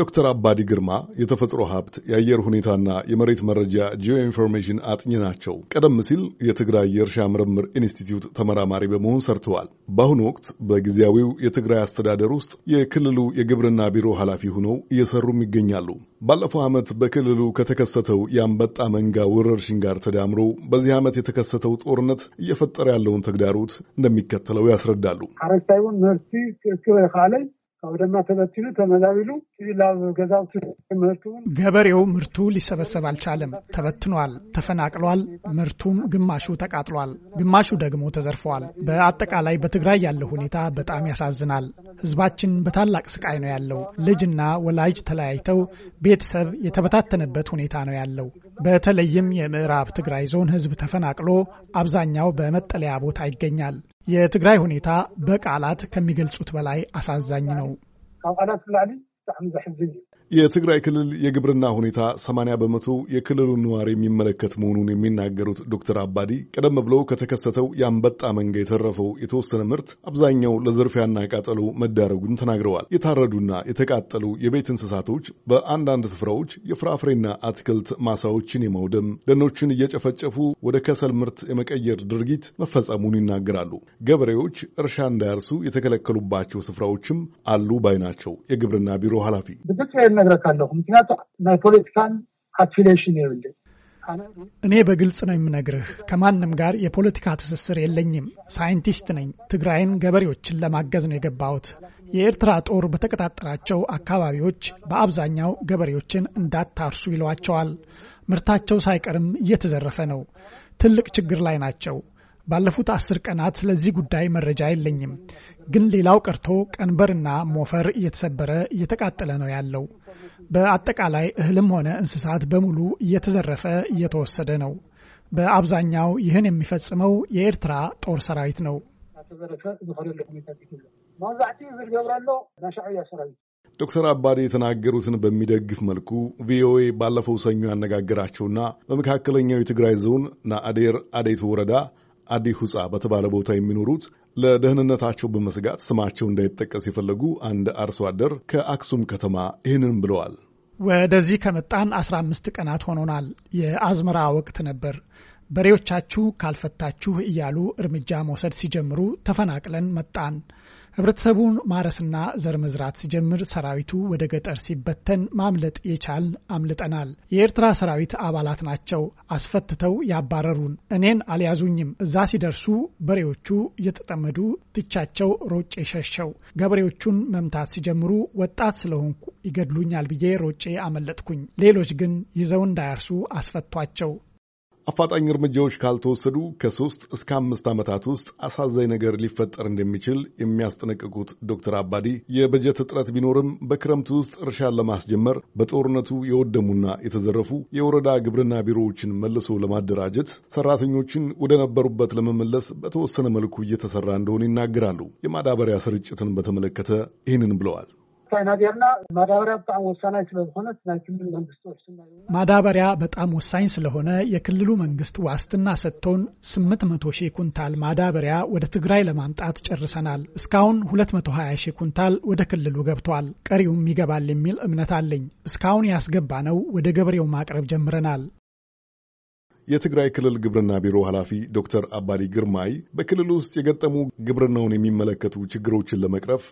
ዶክተር አባዲ ግርማ የተፈጥሮ ሀብት የአየር ሁኔታና የመሬት መረጃ ጂኦ ኢንፎርሜሽን አጥኚ ናቸው። ቀደም ሲል የትግራይ የእርሻ ምርምር ኢንስቲትዩት ተመራማሪ በመሆን ሰርተዋል። በአሁኑ ወቅት በጊዜያዊው የትግራይ አስተዳደር ውስጥ የክልሉ የግብርና ቢሮ ኃላፊ ሆነው እየሰሩም ይገኛሉ። ባለፈው ዓመት በክልሉ ከተከሰተው የአንበጣ መንጋ ወረርሽኝ ጋር ተዳምሮ በዚህ ዓመት የተከሰተው ጦርነት እየፈጠረ ያለውን ተግዳሮት እንደሚከተለው ያስረዳሉ። አውደማ ተበትኑ ተመዛቢሉ ገዛውቱ ገበሬው ምርቱ ሊሰበሰብ አልቻለም። ተበትኗል፣ ተፈናቅሏል። ምርቱም ግማሹ ተቃጥሏል፣ ግማሹ ደግሞ ተዘርፈዋል። በአጠቃላይ በትግራይ ያለው ሁኔታ በጣም ያሳዝናል። ህዝባችን በታላቅ ስቃይ ነው ያለው። ልጅና ወላጅ ተለያይተው ቤተሰብ የተበታተነበት ሁኔታ ነው ያለው። በተለይም የምዕራብ ትግራይ ዞን ህዝብ ተፈናቅሎ አብዛኛው በመጠለያ ቦታ ይገኛል። የትግራይ ሁኔታ በቃላት ከሚገልጹት በላይ አሳዛኝ ነው። የትግራይ ክልል የግብርና ሁኔታ 80 በመቶ የክልሉን ነዋሪ የሚመለከት መሆኑን የሚናገሩት ዶክተር አባዲ ቀደም ብሎ ከተከሰተው የአንበጣ መንጋ የተረፈው የተወሰነ ምርት አብዛኛው ለዝርፊያና ቃጠሎ መዳረጉን ተናግረዋል። የታረዱና የተቃጠሉ የቤት እንስሳቶች በአንዳንድ ስፍራዎች የፍራፍሬና አትክልት ማሳዎችን የማውደም ደኖችን እየጨፈጨፉ ወደ ከሰል ምርት የመቀየር ድርጊት መፈጸሙን ይናገራሉ። ገበሬዎች እርሻ እንዳያርሱ የተከለከሉባቸው ስፍራዎችም አሉ ባይ ናቸው። የግብርና ቢሮ ኃላፊ እነግርሃለሁ። ምክንያቱም ናይ ፖለቲካን አፊሌሽን የብል እኔ በግልጽ ነው የምነግርህ። ከማንም ጋር የፖለቲካ ትስስር የለኝም። ሳይንቲስት ነኝ። ትግራይን ገበሬዎችን ለማገዝ ነው የገባሁት። የኤርትራ ጦር በተቀጣጠራቸው አካባቢዎች በአብዛኛው ገበሬዎችን እንዳታርሱ ይለዋቸዋል። ምርታቸው ሳይቀርም እየተዘረፈ ነው። ትልቅ ችግር ላይ ናቸው። ባለፉት አስር ቀናት ስለዚህ ጉዳይ መረጃ የለኝም። ግን ሌላው ቀርቶ ቀንበርና ሞፈር እየተሰበረ እየተቃጠለ ነው ያለው። በአጠቃላይ እህልም ሆነ እንስሳት በሙሉ እየተዘረፈ እየተወሰደ ነው። በአብዛኛው ይህን የሚፈጽመው የኤርትራ ጦር ሰራዊት ነው። ዶክተር አባዴ የተናገሩትን በሚደግፍ መልኩ ቪኦኤ ባለፈው ሰኞ ያነጋገራቸውና በመካከለኛው የትግራይ ዞን ናአዴር አዴቱ ወረዳ አዲ ሁፃ በተባለ ቦታ የሚኖሩት ለደህንነታቸው በመስጋት ስማቸው እንዳይጠቀስ የፈለጉ አንድ አርሶ አደር ከአክሱም ከተማ ይህንን ብለዋል። ወደዚህ ከመጣን 15 ቀናት ሆኖናል። የአዝመራ ወቅት ነበር። በሬዎቻችሁ ካልፈታችሁ እያሉ እርምጃ መውሰድ ሲጀምሩ ተፈናቅለን መጣን። ህብረተሰቡን ማረስና ዘር መዝራት ሲጀምር ሰራዊቱ ወደ ገጠር ሲበተን ማምለጥ የቻል አምልጠናል። የኤርትራ ሰራዊት አባላት ናቸው አስፈትተው ያባረሩን። እኔን አልያዙኝም። እዛ ሲደርሱ በሬዎቹ እየተጠመዱ ትቻቸው ሮጬ ሸሸው። ገበሬዎቹን መምታት ሲጀምሩ ወጣት ስለሆንኩ ይገድሉኛል ብዬ ሮጬ አመለጥኩኝ። ሌሎች ግን ይዘው እንዳያርሱ አስፈቷቸው። አፋጣኝ እርምጃዎች ካልተወሰዱ ከሶስት እስከ አምስት ዓመታት ውስጥ አሳዛኝ ነገር ሊፈጠር እንደሚችል የሚያስጠነቅቁት ዶክተር አባዲ የበጀት እጥረት ቢኖርም በክረምት ውስጥ እርሻን ለማስጀመር በጦርነቱ የወደሙና የተዘረፉ የወረዳ ግብርና ቢሮዎችን መልሶ ለማደራጀት፣ ሰራተኞችን ወደ ነበሩበት ለመመለስ በተወሰነ መልኩ እየተሰራ እንደሆነ ይናገራሉ። የማዳበሪያ ስርጭትን በተመለከተ ይህንን ብለዋል። ማዳበሪያ በጣም ወሳኝ ስለሆነ ክልል መንግስቶች ማዳበሪያ በጣም ወሳኝ ስለሆነ የክልሉ መንግስት ዋስትና ሰጥቶን ስምንት መቶ ሺህ ኩንታል ማዳበሪያ ወደ ትግራይ ለማምጣት ጨርሰናል። እስካሁን ሁለት መቶ ሀያ ሺህ ኩንታል ወደ ክልሉ ገብቷል። ቀሪውም ይገባል የሚል እምነት አለኝ። እስካሁን ያስገባ ነው ወደ ገበሬው ማቅረብ ጀምረናል። የትግራይ ክልል ግብርና ቢሮ ኃላፊ ዶክተር አባዲ ግርማይ በክልል ውስጥ የገጠሙ ግብርናውን የሚመለከቱ ችግሮችን ለመቅረፍ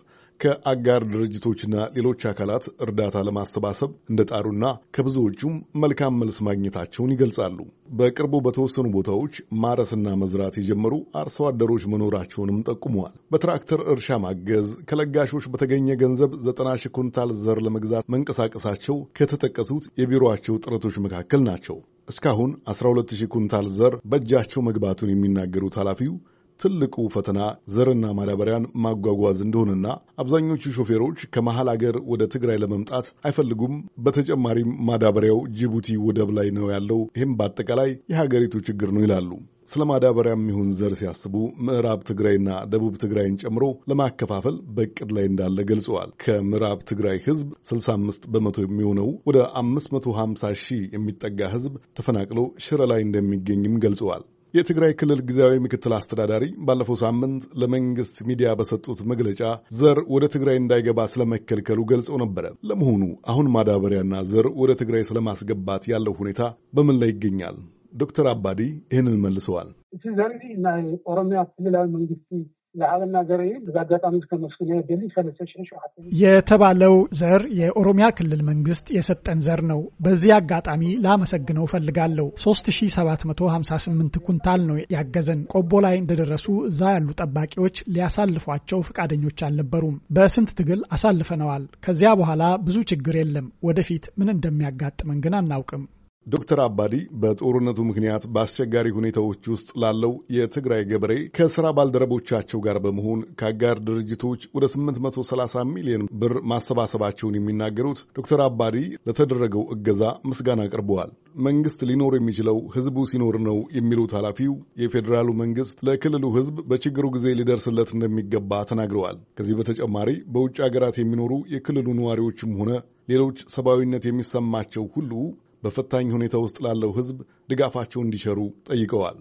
ከአጋር ድርጅቶችና ሌሎች አካላት እርዳታ ለማሰባሰብ እንደጣሩና ከብዙዎቹም መልካም መልስ ማግኘታቸውን ይገልጻሉ። በቅርቡ በተወሰኑ ቦታዎች ማረስና መዝራት የጀመሩ አርሶ አደሮች መኖራቸውንም ጠቁመዋል። በትራክተር እርሻ ማገዝ፣ ከለጋሾች በተገኘ ገንዘብ ዘጠና ሺህ ኩንታል ዘር ለመግዛት መንቀሳቀሳቸው ከተጠቀሱት የቢሮአቸው ጥረቶች መካከል ናቸው። እስካሁን 12 ኩንታል ዘር በእጃቸው መግባቱን የሚናገሩት ኃላፊው ትልቁ ፈተና ዘርና ማዳበሪያን ማጓጓዝ እንደሆነና አብዛኞቹ ሾፌሮች ከመሀል አገር ወደ ትግራይ ለመምጣት አይፈልጉም። በተጨማሪም ማዳበሪያው ጅቡቲ ወደብ ላይ ነው ያለው። ይህም በአጠቃላይ የሀገሪቱ ችግር ነው ይላሉ። ስለ ማዳበሪያ የሚሆን ዘር ሲያስቡ ምዕራብ ትግራይና ደቡብ ትግራይን ጨምሮ ለማከፋፈል በእቅድ ላይ እንዳለ ገልጸዋል። ከምዕራብ ትግራይ ህዝብ 65 በመቶ የሚሆነው ወደ 550 ሺህ የሚጠጋ ህዝብ ተፈናቅሎ ሽረ ላይ እንደሚገኝም ገልጸዋል። የትግራይ ክልል ጊዜያዊ ምክትል አስተዳዳሪ ባለፈው ሳምንት ለመንግስት ሚዲያ በሰጡት መግለጫ ዘር ወደ ትግራይ እንዳይገባ ስለመከልከሉ ገልጸው ነበረ። ለመሆኑ አሁን ማዳበሪያና ዘር ወደ ትግራይ ስለማስገባት ያለው ሁኔታ በምን ላይ ይገኛል? ዶክተር አባዲ ይህንን መልሰዋል። እቲ ዘርኢ ናይ ኦሮሚያ ክልላዊ መንግስቲ የተባለው ዘር የኦሮሚያ ክልል መንግስት የሰጠን ዘር ነው። በዚህ አጋጣሚ ላመሰግነው ፈልጋለሁ 3758 ኩንታል ነው ያገዘን። ቆቦ ላይ እንደደረሱ እዛ ያሉ ጠባቂዎች ሊያሳልፏቸው ፈቃደኞች አልነበሩም። በስንት ትግል አሳልፈነዋል። ከዚያ በኋላ ብዙ ችግር የለም። ወደፊት ምን እንደሚያጋጥመን ግን አናውቅም። ዶክተር አባዲ በጦርነቱ ምክንያት በአስቸጋሪ ሁኔታዎች ውስጥ ላለው የትግራይ ገበሬ ከስራ ባልደረቦቻቸው ጋር በመሆን ከአጋር ድርጅቶች ወደ 830 ሚሊዮን ብር ማሰባሰባቸውን የሚናገሩት ዶክተር አባዲ ለተደረገው እገዛ ምስጋና አቅርበዋል። መንግስት ሊኖር የሚችለው ህዝቡ ሲኖር ነው የሚሉት ኃላፊው የፌዴራሉ መንግስት ለክልሉ ህዝብ በችግሩ ጊዜ ሊደርስለት እንደሚገባ ተናግረዋል። ከዚህ በተጨማሪ በውጭ ሀገራት የሚኖሩ የክልሉ ነዋሪዎችም ሆነ ሌሎች ሰብአዊነት የሚሰማቸው ሁሉ በፈታኝ ሁኔታ ውስጥ ላለው ሕዝብ ድጋፋቸውን እንዲሸሩ ጠይቀዋል።